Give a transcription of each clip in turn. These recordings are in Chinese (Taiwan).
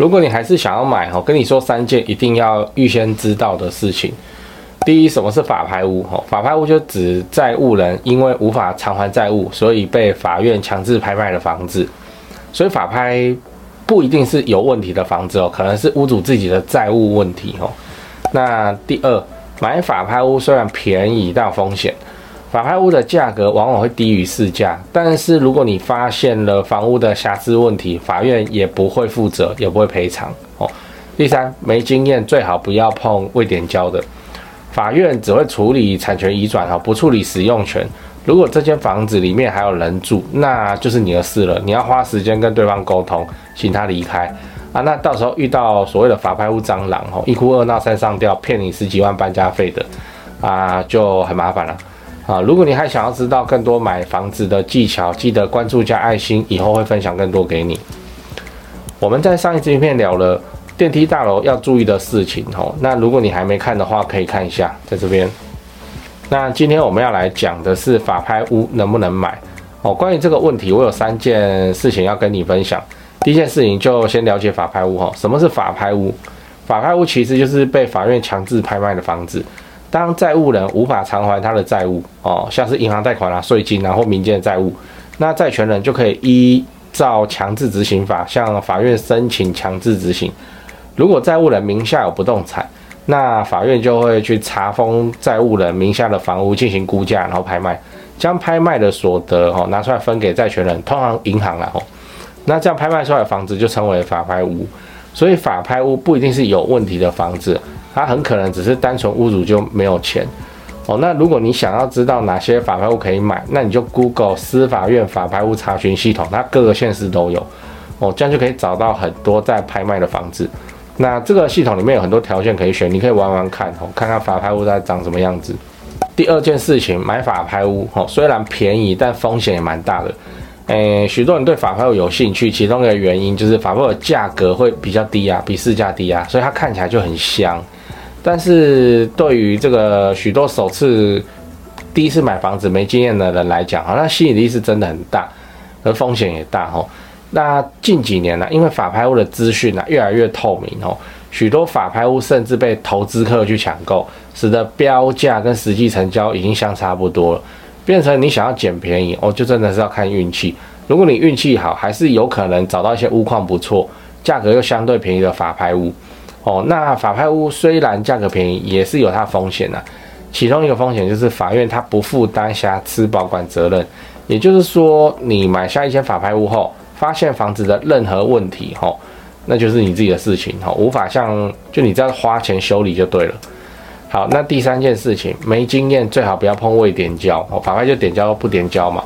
如果你還是想要買，哈，跟你說三件一定要預先知道的事情。第一，什麼是法拍屋？哈，法拍屋就指債務人因為無法償還債務，所以被法院強制拍賣的房子。所以法拍不一定是有問題的房子哦，可能是屋主自己的債務問題。哦。那第二，買法拍屋雖然便宜，但有風險。法拍屋的價格往往會低於市價，但是如果你發現了房屋的瑕疵問題，法院也不會負責，也不會賠償哦。第三，沒經驗最好不要碰未點交的，法院只會處理產權移轉哦，不處理使用權。如果這間房子裡面還有人住，那就是你的事了，你要花時間跟對方溝通，請他離開啊。那到時候遇到所謂的法拍屋蟑螂哦，一哭二鬧三上吊，騙你十幾萬搬家費的啊，就很麻煩了。啊，如果你還想要知道更多買房子的技巧，記得關注加愛心，以後會分享更多給你。我們在上一支影片聊了電梯大樓要注意的事情哦。那如果你還沒看的話，可以看一下，在這邊。那今天我們要來講的是法拍屋能不能買哦？關於這個問題，我有三件事情要跟你分享。第一件事情就先了解法拍屋哦，什麼是法拍屋？法拍屋其實就是被法院強制拍賣的房子。當債務人無法償還他的債務，哦，像是銀行貸款啊、稅金啊，然後民間的債務，那債權人就可以依照強制執行法向法院聲請強制執行。如果債務人名下有不動產，那法院就會去查封債務人名下的房屋進行估價，然後拍賣，將拍賣的所得，哦，拿出來分給債權人，通常銀行啦，哦，那這樣拍賣出來的房子就稱為法拍屋。所以法拍屋不一定是有問題的房子，它很可能只是單純屋主就沒有錢哦。那如果你想要知道哪些法拍屋可以買，那你就 Google 司法院法拍屋查詢系統，它各個縣市都有哦，這樣就可以找到很多在拍賣的房子。那這個系統裡面有很多條件可以選，你可以玩玩看哦，看看法拍屋在長什麼樣子。第二件事情，買法拍屋哦，雖然便宜，但風險也蠻大的。呃、欸，許多人對法拍屋有興趣，其中一個原因就是法拍屋的價格會比較低啊，比市價低啊，所以它看起來就很香。但是對於這個許多首次、第一次買房子沒經驗的人來講，好像吸引力是真的很大，而風險也大吼。那近幾年呢、啊，因為法拍屋的資訊呢越來越透明吼，許多法拍屋甚至被投資客去搶購，使得標價跟實際成交已經相差不多了。變成你想要撿便宜哦，就真的是要看運氣。如果你運氣好，還是有可能找到一些屋況不錯、價格又相對便宜的法拍屋哦。那法拍屋雖然價格便宜，也是有它風險的啊。其中一個風險就是法院它不負擔瑕疵保管責任，也就是說，你買下一間法拍屋後，發現房子的任何問題哦，那就是你自己的事情哦，無法像就你這樣花錢修理就對了。好，那第三件事情，沒經驗最好不要碰未點交哦，法拍就點交不點交嘛。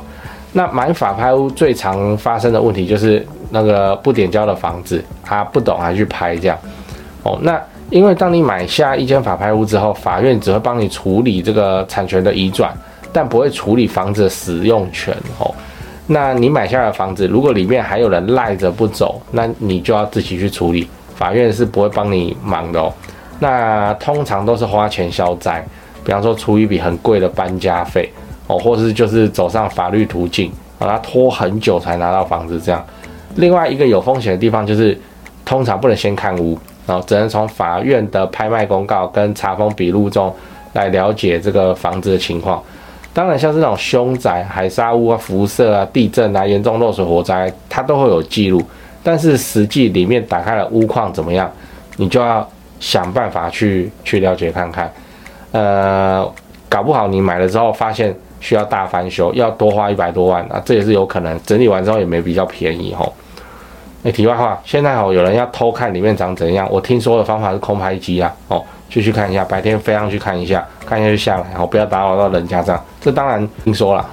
那買法拍屋最常發生的問題就是那個不點交的房子，他、啊、不懂還去拍這樣哦。那因為當你買下一間法拍屋之後，法院只會幫你處理這個產權的移轉，但不會處理房子的使用權哦。那你買下的房子，如果裡面還有人賴着不走，那你就要自己去處理，法院是不會幫你忙的哦。那通常都是花錢消災，比方說出一筆很貴的搬家費哦，或是就是走上法律途徑，把它拖很久才拿到房子這樣。另外一個有風險的地方就是，通常不能先看屋，然後只能從法院的拍賣公告跟查封筆錄中來了解這個房子的情況。當然，像是那種凶宅、海砂屋啊、輻射啊、地震啊、嚴重漏水、火災，它都會有記錄。但是實際裡面打開了屋況怎麼樣，你就要。想辦法去去了解看看，呃，搞不好你買了之後發現需要大翻修，要多花一百多萬啊，這也是有可能。整理完之後也沒比較便宜吼。哎、哦，題外話，現在哦，有人要偷看裡面長怎樣，我聽說的方法是空拍機啊，哦，就去看一下，白天飛上去看一下，看一下就下來，哦，不要打擾到人家這樣。這當然聽說了，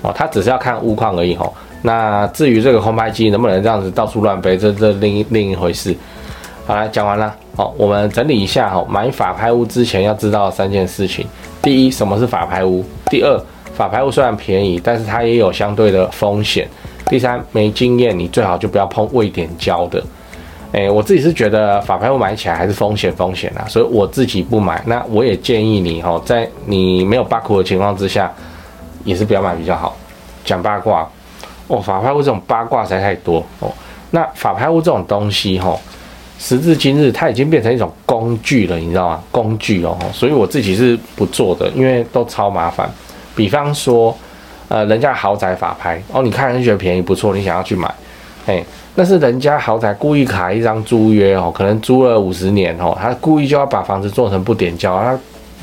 哦，他只是要看物況而已吼、哦。那至於這個空拍機能不能這樣子到處亂飛，這這另一另一回事。好了，講完了。好、哦，我們整理一下哈、哦，買法拍屋之前要知道三件事情。第一，什麼是法拍屋？第二，法拍屋雖然便宜，但是它也有相對的風險。第三，沒經驗，你最好就不要碰未點交的。哎、欸，我自己是覺得法拍屋買起來還是風險風險吶、啊，所以我自己不買。那我也建議你哈、哦，在你沒有把握的情況之下，也是不要買比較好。講八卦，哦，法拍屋這種八卦才太多哦。那法拍屋這種東西哈、哦。時至今日，它已經變成一種工具了，你知道嗎？工具哦，所以我自己是不做的，因為都超麻煩。比方說，呃，人家豪宅法拍哦，你看人家覺得便宜不錯，你想要去買，誒，那是人家豪宅故意卡一張租約哦，可能租了五十年哦，他故意就要把房子做成不點交，他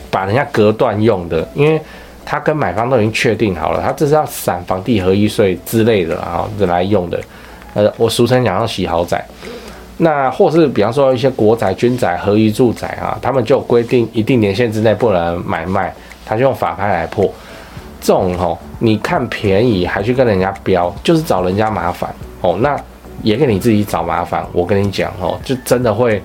把人家隔斷用的，因為他跟買方都已經確定好了，他這是要散房地合一稅之類的啊、哦，來用的。呃，我俗稱想要洗豪宅。那或是比方說一些國宅、軍宅、合宜住宅啊，他們就規定一定年限之內不能買賣，他就用法拍來破。這種哦，你看便宜還去跟人家標，就是找人家麻煩哦。那也給你自己找麻煩。我跟你講哦，就真的會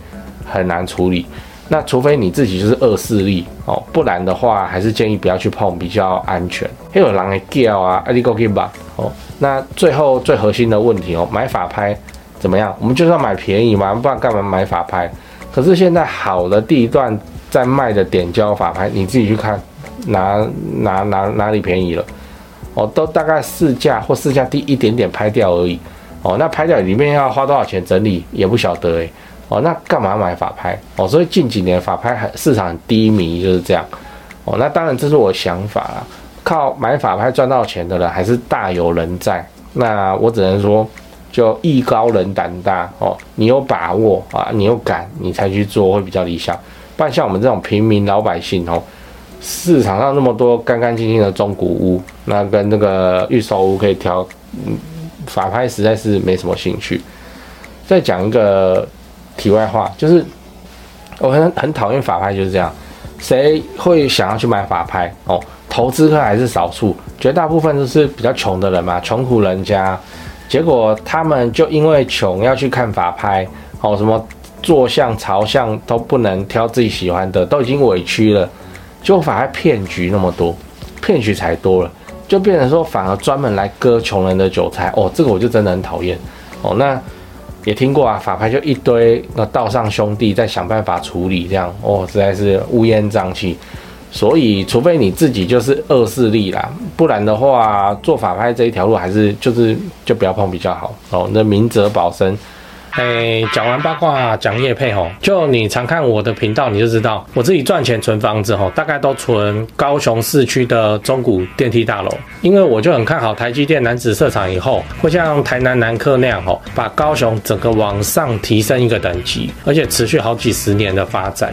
很難處理。那除非你自己就是惡勢力哦，不然的話還是建議不要去碰，比較安全。黑有人來 get 啊，give u 吧哦。那最後最核心的問題哦，買法拍。怎麼樣？我們就是要買便宜嘛，不然幹嘛買法拍。可是現在好的地段在賣的點交法拍，你自己去看，哪哪哪哪裡便宜了？哦，都大概市價或市價低一點點拍掉而已。哦，那拍掉裡面要花多少錢整理也不曉得誒、欸。哦，那幹嘛買法拍？哦，所以近幾年法拍市場很低迷就是這樣。哦，那當然這是我想法啊。靠買法拍賺到錢的人還是大有人在。那我只能說。就藝高人膽大哦，你有把握啊，你又敢，你才去做會比較理想。但像我們這種平民老百姓哦，市場上那麼多乾干淨淨的中古屋，那跟那個預售屋可以挑，法拍實在是沒什麼興趣。再講一個題外話，就是我很很討厭法拍，就是這樣，誰會想要去買法拍哦？投資客還是少數，絕大部分都是比較窮的人嘛，窮苦人家。結果他們就因為窮要去看法拍，哦，什麼坐向、朝向，都不能挑自己喜歡的，都已經委屈了，就反而騙局那麼多，騙局才多了，就變成說反而專門來割窮人的韭菜哦，這個我就真的很討厭哦。那也聽過啊，法拍就一堆那道上兄弟在想辦法處理這樣哦，實在是烏煙瘴氣。所以，除非你自己就是惡勢力啦，不然的話，做法拍這一條路還是就是就不要碰比較好哦。那明哲保身。哎、欸，講完八卦、啊，講業配。哦，就你常看我的頻道，你就知道我自己賺錢存房子吼，大概都存高雄市區的中古電梯大樓，因為我就很看好台積電楠梓設廠以後，會像台南南科那樣吼，把高雄整個往上提升一個等級，而且持續好幾十年的發展，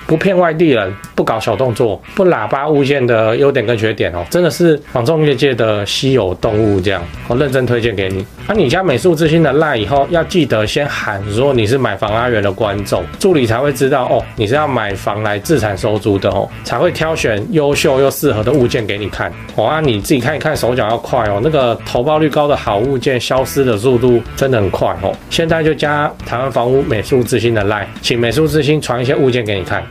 不騙外地人，不搞小動作，不喇叭物件的優點跟缺點哦，真的是房仲業界的稀有動物這樣，我、哦、認真推薦給你。那、啊、你加美術之星的賴以後要記得先喊，如果你是買房阿元的觀眾，助理才會知道哦，你是要買房來自產收租的哦，才會挑選優秀又適合的物件給你看。哇、哦、啊、你自己看一看，手腳要快哦，那個投報率高的好物件消失的速度真的很快哦。現在就加台灣房屋美術之星的賴，請美術之星傳一些物件給你看。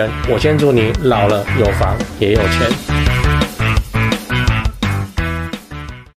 啊。我先祝你老了有房也有錢。